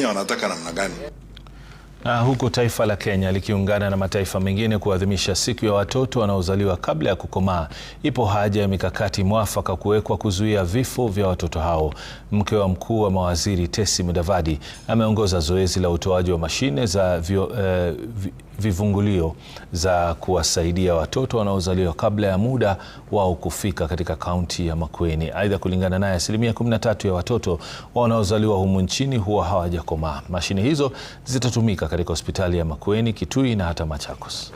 Wakenya wanataka namna gani? Na huku taifa la Kenya likiungana na mataifa mengine kuadhimisha siku ya watoto wanaozaliwa kabla ya kukomaa, ipo haja ya mikakati mwafaka kuwekwa kuzuia vifo vya watoto hao. Mke wa mkuu wa mawaziri Tesi Mudavadi ameongoza zoezi la utoaji wa mashine za vio, eh, vi, vivungulio za kuwasaidia watoto wanaozaliwa kabla ya muda wao kufika katika kaunti ya Makueni. Aidha, kulingana naye, asilimia 13 ya watoto wanaozaliwa humu nchini huwa hawajakomaa. Mashine hizo zitatumika katika hospitali ya Makueni, Kitui na hata Machakos.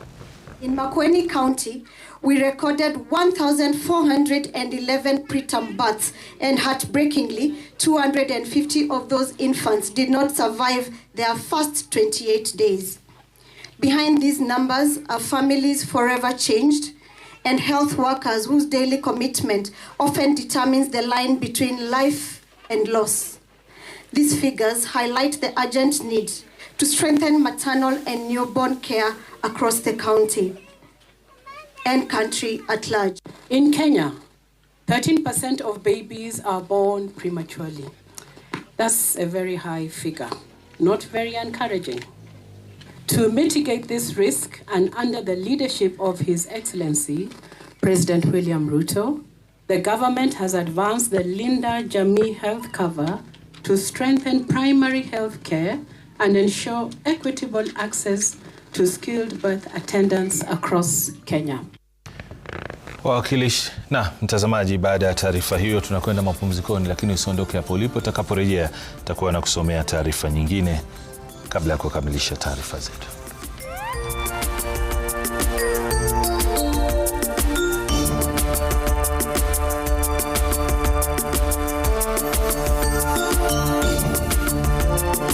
In Makueni County, we recorded 1,411 preterm births and heartbreakingly, 250 of those infants did not survive their first 28 days. Behind these numbers are families forever changed and health workers whose daily commitment often determines the line between life and loss. These figures highlight the urgent need to strengthen maternal and newborn care across the county and country at large. In Kenya, 13% of babies are born prematurely. That's a very high figure, not very encouraging. To mitigate this risk, and under the leadership of His Excellency President William Ruto, the government has advanced the Linda jami Health Cover to strengthen primary health care and ensure equitable access to skilled birth attendants across Kenya. Wawakilishi na mtazamaji, baada ya taarifa hiyo tunakwenda mapumzikoni, lakini usiondoke hapo ulipo. Utakaporejea takuwa na kusomea taarifa nyingine kabla ya kukamilisha taarifa zetu.